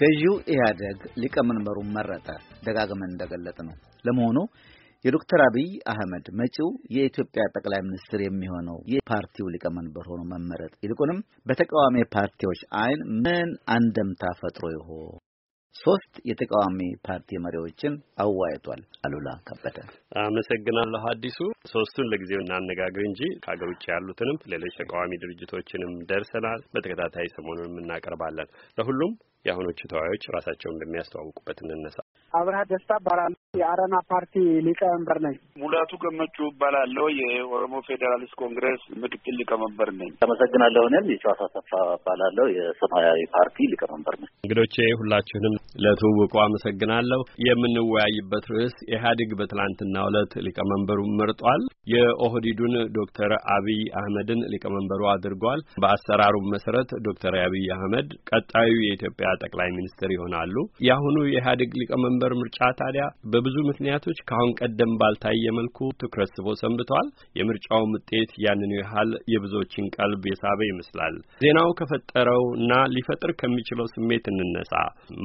ገዢው ኢህአደግ ሊቀመንበሩን መረጠ። ደጋግመን እንደገለጥ ነው። ለመሆኑ የዶክተር አብይ አህመድ መጪው የኢትዮጵያ ጠቅላይ ሚኒስትር የሚሆነው የፓርቲው ሊቀመንበር ሆኖ መመረጥ ይልቁንም በተቃዋሚ ፓርቲዎች አይን ምን አንደምታ ፈጥሮ ይሆን? ሶስት የተቃዋሚ ፓርቲ መሪዎችን አዋይቷል። አሉላ ከበደ አመሰግናለሁ። አዲሱ ሶስቱን ለጊዜው እናነጋግር እንጂ ከሀገር ውጭ ያሉትንም ሌሎች ተቃዋሚ ድርጅቶችንም ደርሰናል። በተከታታይ ሰሞኑን እናቀርባለን። ለሁሉም የአሁኖቹ ተወያዮች ራሳቸውን እንደሚያስተዋውቁበት እንነሳ። አብርሃ ደስታ እባላለሁ። የአረና ፓርቲ ሊቀመንበር ነኝ። ሙላቱ ገመቹ እባላለሁ። የኦሮሞ ፌዴራሊስት ኮንግረስ ምክትል ሊቀመንበር ነኝ። አመሰግናለሁ። እኔም የጨዋታ ሰፋ እባላለሁ። የሰማያዊ ፓርቲ ሊቀመንበር ነኝ። እንግዶቼ ሁላችሁንም ለትውውቁ አመሰግናለሁ። የምንወያይበት ርዕስ ኢህአዴግ በትላንትና ዕለት ሊቀመንበሩን መርጧል። የኦህዲዱን ዶክተር አብይ አህመድን ሊቀመንበሩ አድርጓል። በአሰራሩ መሰረት ዶክተር አብይ አህመድ ቀጣዩ የኢትዮጵያ ጠቅላይ ሚኒስትር ይሆናሉ። የአሁኑ የኢህአዴግ ሊቀመንበር ምርጫ ታዲያ በብዙ ምክንያቶች ከአሁን ቀደም ባልታየ መልኩ ትኩረት ስቦ ሰንብቷል። የምርጫው ውጤት ያንኑ ያህል የብዙዎችን ቀልብ የሳበ ይመስላል። ዜናው ከፈጠረው እና ሊፈጥር ከሚችለው ስሜት እንነሳ።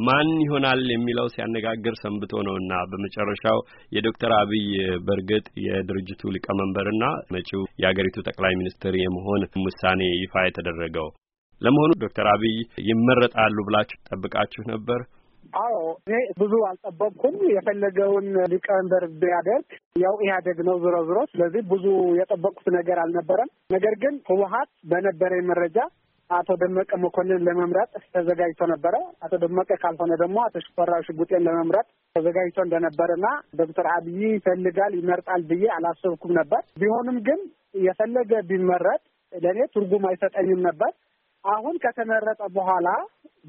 ማን ይሆናል የሚለው ሲያነጋግር ሰንብቶ ነውና በመጨረሻው የዶክተር አብይ በእርግጥ የድርጅቱ ሊቀመንበርና መጪው የአገሪቱ ጠቅላይ ሚኒስትር የመሆን ውሳኔ ይፋ የተደረገው ለመሆኑ ዶክተር አብይ ይመረጣሉ ብላችሁ ጠብቃችሁ ነበር? አዎ እኔ ብዙ አልጠበቅኩም። የፈለገውን ሊቀመንበር ቢያደርግ ያው ኢህአዴግ ነው ዝሮ ዝሮ። ስለዚህ ብዙ የጠበቅኩት ነገር አልነበረም። ነገር ግን ህወሀት በነበረ መረጃ አቶ ደመቀ መኮንን ለመምረጥ ተዘጋጅቶ ነበረ። አቶ ደመቀ ካልሆነ ደግሞ አቶ ሽፈራው ሽጉጤን ለመምረጥ ተዘጋጅቶ እንደነበረና ዶክተር አብይ ይፈልጋል ይመርጣል ብዬ አላሰብኩም ነበር። ቢሆንም ግን የፈለገ ቢመረጥ ለእኔ ትርጉም አይሰጠኝም ነበር። አሁን ከተመረጠ በኋላ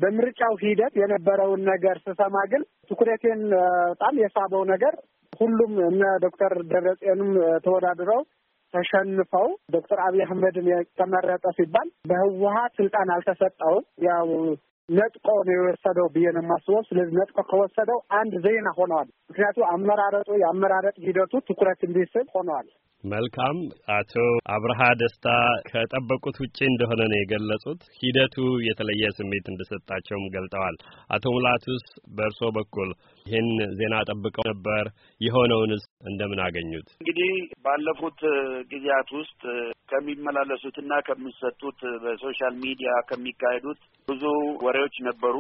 በምርጫው ሂደት የነበረውን ነገር ስሰማ ግን ትኩረቴን በጣም የሳበው ነገር ሁሉም እነ ዶክተር ደብረጽዮንም ተወዳድረው ተሸንፈው ዶክተር አብይ አህመድን የተመረጠ ሲባል በህወሀት ስልጣን አልተሰጠውም ያው ነጥቆ ነው የወሰደው ብዬ ነው የማስበው። ስለዚህ ነጥቆ ከወሰደው አንድ ዜና ሆነዋል። ምክንያቱም አመራረጡ የአመራረጥ ሂደቱ ትኩረት እንዲስብ ሆነዋል። መልካም። አቶ አብርሃ ደስታ ከጠበቁት ውጪ እንደሆነ ነው የገለጹት። ሂደቱ የተለየ ስሜት እንደሰጣቸውም ገልጠዋል። አቶ ሙላቱስ በእርሶ በኩል ይህን ዜና ጠብቀው ነበር? የሆነውንስ እንደምን አገኙት? እንግዲህ ባለፉት ጊዜያት ውስጥ ከሚመላለሱትና ከሚሰጡት በሶሻል ሚዲያ ከሚካሄዱት ብዙ ወሬዎች ነበሩ።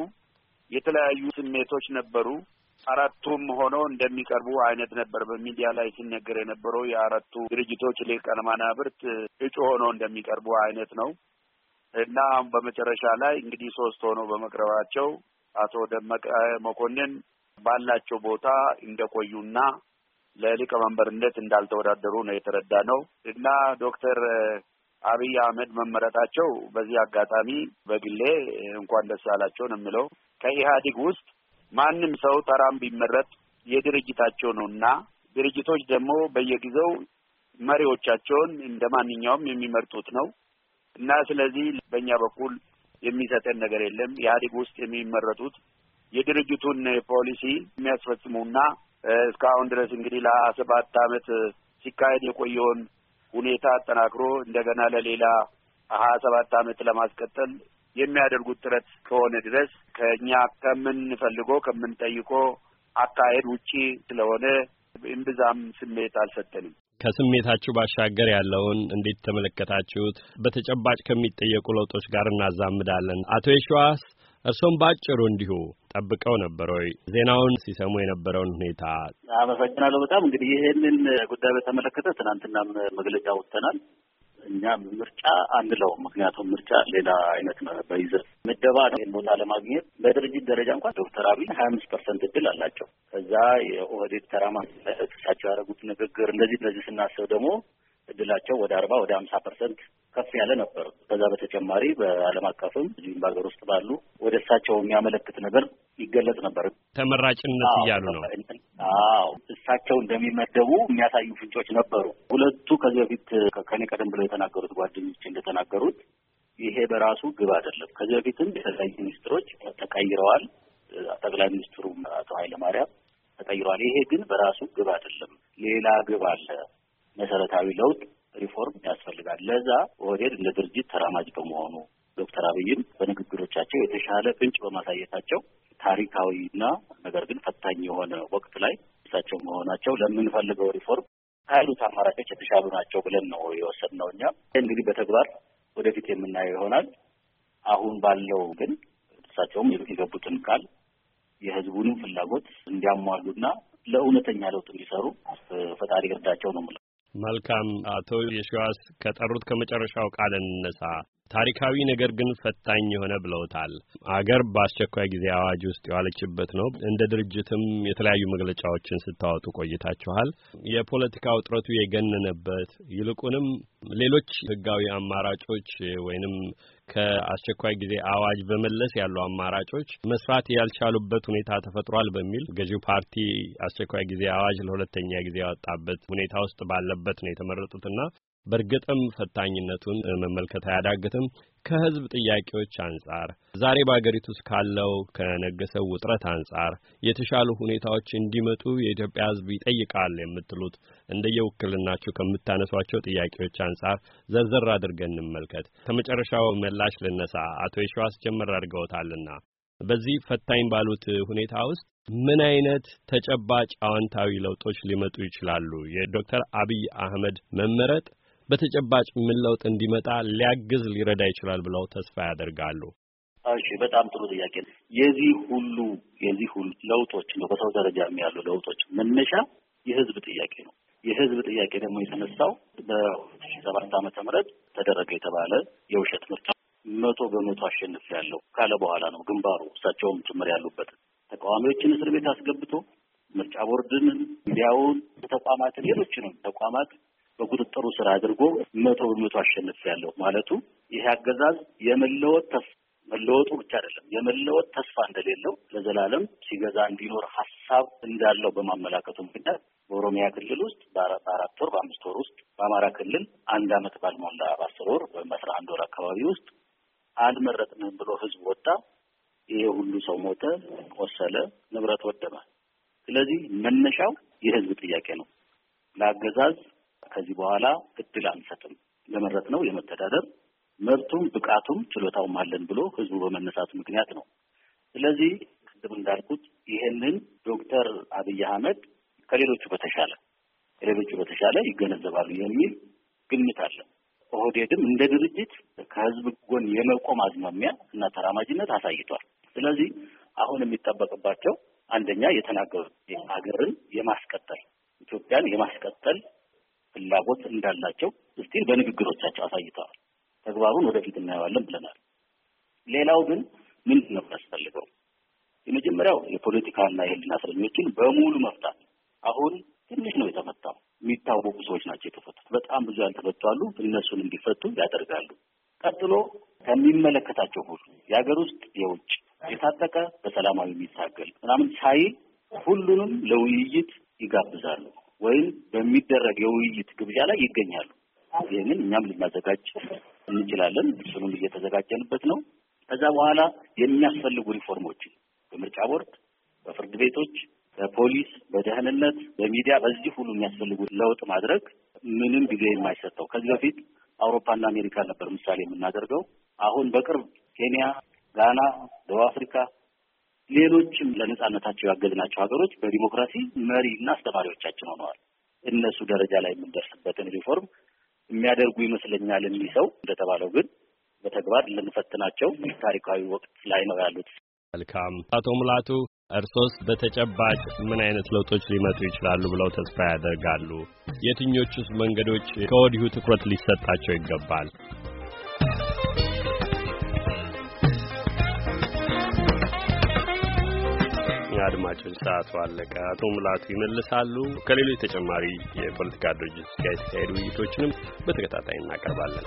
የተለያዩ ስሜቶች ነበሩ። አራቱም ሆነው እንደሚቀርቡ አይነት ነበር በሚዲያ ላይ ሲነገር የነበረው። የአራቱ ድርጅቶች ሊቃነ መናብርት እጩ ሆኖ እንደሚቀርቡ አይነት ነው እና በመጨረሻ ላይ እንግዲህ ሶስት ሆኖ በመቅረባቸው አቶ ደመቀ መኮንን ባላቸው ቦታ እንደቆዩና ለሊቀመንበርነት እንዳልተወዳደሩ ነው የተረዳ ነው እና ዶክተር አብይ አህመድ መመረጣቸው በዚህ አጋጣሚ በግሌ እንኳን ደስ አላቸው ነው የምለው። ከኢህአዴግ ውስጥ ማንም ሰው ተራም ቢመረጥ የድርጅታቸው ነው እና ድርጅቶች ደግሞ በየጊዜው መሪዎቻቸውን እንደ ማንኛውም የሚመርጡት ነው እና ስለዚህ በእኛ በኩል የሚሰጠን ነገር የለም። ኢህአዴግ ውስጥ የሚመረጡት የድርጅቱን ፖሊሲ የሚያስፈጽሙና እስካሁን ድረስ እንግዲህ ለሀያ ሰባት ሲካሄድ የቆየውን ሁኔታ አጠናክሮ እንደገና ለሌላ ሀያ ሰባት አመት ለማስቀጠል የሚያደርጉት ጥረት ከሆነ ድረስ ከእኛ ከምንፈልጎ ከምንጠይቆ አካሄድ ውጪ ስለሆነ እምብዛም ስሜት አልሰጠንም። ከስሜታችሁ ባሻገር ያለውን እንዴት ተመለከታችሁት? በተጨባጭ ከሚጠየቁ ለውጦች ጋር እናዛምዳለን። አቶ የሸዋስ እርሶም በአጭሩ እንዲሁ ጠብቀው ነበር ወይ ዜናውን ሲሰሙ የነበረውን ሁኔታ? አመሰግናለሁ። በጣም እንግዲህ ይህንን ጉዳይ በተመለከተ ትናንትናም መግለጫ ወጥተናል። እኛ ምርጫ አንለውም። ምክንያቱም ምርጫ ሌላ አይነት በይዘት ምደባ ነው። ይህን ቦታ ለማግኘት በድርጅት ደረጃ እንኳን ዶክተር አብይ ሀያ አምስት ፐርሰንት እድል አላቸው። ከዛ የኦህዴድ ተራማ እሳቸው ያደረጉት ንግግር እንደዚህ እንደዚህ ስናስብ ደግሞ እድላቸው ወደ አርባ ወደ ሀምሳ ፐርሰንት ከፍ ያለ ነበር። ከዛ በተጨማሪ በዓለም አቀፍም እዚህም በሀገር ውስጥ ባሉ ወደ እሳቸው የሚያመለክት ነገር ይገለጽ ነበር። ተመራጭነት እያሉ ነው አዎ እሳቸው እንደሚመደቡ የሚያሳዩ ፍንጮች ነበሩ። ሁለቱ ከዚህ በፊት ከኔ ቀደም ብለው የተናገሩት ጓደኞች እንደተናገሩት ይሄ በራሱ ግብ አይደለም። ከዚህ በፊትም የተለያዩ ሚኒስትሮች ተቀይረዋል። ጠቅላይ ሚኒስትሩ አቶ ኃይለማርያም ተቀይረዋል። ይሄ ግን በራሱ ግብ አይደለም። ሌላ ግብ አለ። መሰረታዊ ለውጥ ሪፎርም ያስፈልጋል። ለዛ ኦህዴድ እንደ ድርጅት ተራማጅ በመሆኑ ዶክተር አብይም በንግግሮቻቸው የተሻለ ፍንጭ በማሳየታቸው ታሪካዊና ነገር ግን ፈታኝ የሆነ ወቅት ላይ እሳቸው መሆናቸው ለምንፈልገው ሪፎርም ካሉት አማራጮች የተሻሉ ናቸው ብለን ነው የወሰድነው። እኛ እንግዲህ በተግባር ወደፊት የምናየው ይሆናል። አሁን ባለው ግን እሳቸውም የገቡትን ቃል የህዝቡንም ፍላጎት እንዲያሟሉና ለእውነተኛ ለውጥ እንዲሰሩ ፈጣሪ እርዳቸው ነው የምለው። መልካም አቶ የሸዋስ ከጠሩት ከመጨረሻው ቃል እንነሳ። ታሪካዊ ነገር ግን ፈታኝ የሆነ ብለውታል። አገር በአስቸኳይ ጊዜ አዋጅ ውስጥ የዋለችበት ነው። እንደ ድርጅትም የተለያዩ መግለጫዎችን ስታወጡ ቆይታችኋል። የፖለቲካ ውጥረቱ የገነነበት ይልቁንም ሌሎች ህጋዊ አማራጮች ወይንም ከአስቸኳይ ጊዜ አዋጅ በመለስ ያሉ አማራጮች መስራት ያልቻሉበት ሁኔታ ተፈጥሯል በሚል ገዢው ፓርቲ አስቸኳይ ጊዜ አዋጅ ለሁለተኛ ጊዜ ያወጣበት ሁኔታ ውስጥ ባለበት ነው የተመረጡትና በእርግጥም ፈታኝነቱን መመልከት አያዳግትም። ከህዝብ ጥያቄዎች አንጻር ዛሬ በአገሪቱ ውስጥ ካለው ከነገሰው ውጥረት አንጻር የተሻሉ ሁኔታዎች እንዲመጡ የኢትዮጵያ ህዝብ ይጠይቃል የምትሉት እንደየውክልናችሁ ከምታነሷቸው ጥያቄዎች አንጻር ዘርዘር አድርገን እንመልከት። ከመጨረሻው መላሽ ልነሳ። አቶ የሸዋስ ጀመር አድርገውታልና በዚህ ፈታኝ ባሉት ሁኔታ ውስጥ ምን አይነት ተጨባጭ አዎንታዊ ለውጦች ሊመጡ ይችላሉ? የዶክተር አብይ አህመድ መመረጥ በተጨባጭ ምን ለውጥ እንዲመጣ ሊያግዝ ሊረዳ ይችላል ብለው ተስፋ ያደርጋሉ? እሺ፣ በጣም ጥሩ ጥያቄ ነው። የዚህ ሁሉ የዚህ ሁሉ ለውጦች ነው በሰው ደረጃ ያሉ ለውጦች መነሻ የህዝብ ጥያቄ ነው። የህዝብ ጥያቄ ደግሞ የተነሳው በሁለት ሺ ሰባት ዓመተ ምህረት ተደረገ የተባለ የውሸት ምርጫ መቶ በመቶ አሸንፍ ያለው ካለ በኋላ ነው ግንባሩ እሳቸውም ጭምር ያሉበት ተቃዋሚዎችን እስር ቤት አስገብቶ ምርጫ ቦርድን፣ ሚዲያውን፣ ተቋማትን ሌሎችንም ተቋማት በቁጥጥሩ ስር አድርጎ መቶ በመቶ አሸንፍ ያለው ማለቱ ይሄ አገዛዝ የመለወጥ ተስፋ መለወጡ ብቻ አይደለም የመለወጥ ተስፋ እንደሌለው ለዘላለም ሲገዛ እንዲኖር ሀሳብ እንዳለው በማመላከቱ ምክንያት በኦሮሚያ ክልል ውስጥ በአራት ወር በአምስት ወር ውስጥ በአማራ ክልል አንድ ዓመት ባልሞላ በአስር ወር ወይም በአስራ አንድ ወር አካባቢ ውስጥ አልመረጥንም ብሎ ህዝብ ወጣ። ይሄ ሁሉ ሰው ሞተ፣ ቆሰለ፣ ንብረት ወደመ። ስለዚህ መነሻው የህዝብ ጥያቄ ነው። ለአገዛዝ ከዚህ በኋላ እድል አንሰጥም፣ ለመረጥ ነው የመተዳደር መብቱም ብቃቱም ችሎታውም አለን ብሎ ህዝቡ በመነሳቱ ምክንያት ነው። ስለዚህ ቅድም እንዳልኩት ይሄንን ዶክተር አብይ አህመድ ከሌሎቹ በተሻለ ከሌሎቹ በተሻለ ይገነዘባሉ የሚል ግምት አለ። ኦህዴድም እንደ ድርጅት ከህዝብ ጎን የመቆም አዝማሚያ እና ተራማጅነት አሳይቷል። ስለዚህ አሁን የሚጠበቅባቸው አንደኛ የተናገሩት ሀገርን የማስቀጠል ኢትዮጵያን የማስቀጠል ፍላጎት እንዳላቸው እስቲል በንግግሮቻቸው አሳይተዋል። ተግባሩን ወደፊት እናየዋለን ብለናል። ሌላው ግን ምንድን ነው ያስፈልገው? የመጀመሪያው የፖለቲካና የህሊና እስረኞችን በሙሉ መፍታት። አሁን ትንሽ ነው የተፈታው። የሚታወቁ ሰዎች ናቸው የተፈቱት። በጣም ብዙ ያልተፈቱ አሉ። እነሱን እንዲፈቱ ያደርጋሉ። ቀጥሎ ከሚመለከታቸው ሁሉ የሀገር ውስጥ የውጭ የታጠቀ በሰላማዊ የሚታገል ምናምን ሳይል ሁሉንም ለውይይት ይጋብዛሉ። ወይም በሚደረግ የውይይት ግብዣ ላይ ይገኛሉ። ይህንን እኛም ልናዘጋጅ እንችላለን። እሱንም እየተዘጋጀንበት ነው። ከዛ በኋላ የሚያስፈልጉ ሪፎርሞችን በምርጫ ቦርድ፣ በፍርድ ቤቶች፣ በፖሊስ፣ በደህንነት፣ በሚዲያ በዚህ ሁሉ የሚያስፈልጉ ለውጥ ማድረግ ምንም ጊዜ የማይሰጠው ከዚህ በፊት አውሮፓና አሜሪካ ነበር ምሳሌ የምናደርገው። አሁን በቅርብ ኬንያ፣ ጋና፣ ደቡብ አፍሪካ ሌሎችም ለነጻነታቸው ያገዝናቸው ሀገሮች በዲሞክራሲ መሪና አስተማሪዎቻችን ሆነዋል። እነሱ ደረጃ ላይ የምንደርስበትን ሪፎርም የሚያደርጉ ይመስለኛል። እኒህ ሰው እንደተባለው ግን በተግባር ልንፈትናቸው ታሪካዊ ወቅት ላይ ነው ያሉት። መልካም አቶ ሙላቱ እርሶስ በተጨባጭ ምን አይነት ለውጦች ሊመጡ ይችላሉ ብለው ተስፋ ያደርጋሉ? የትኞቹስ መንገዶች ከወዲሁ ትኩረት ሊሰጣቸው ይገባል? አድማጮች ሰዓቱ አለቀ። አቶ ሙላቱ ይመልሳሉ። ከሌሎች ተጨማሪ የፖለቲካ ድርጅቶች ጋር የተካሄዱ ውይይቶችንም በተከታታይ እናቀርባለን።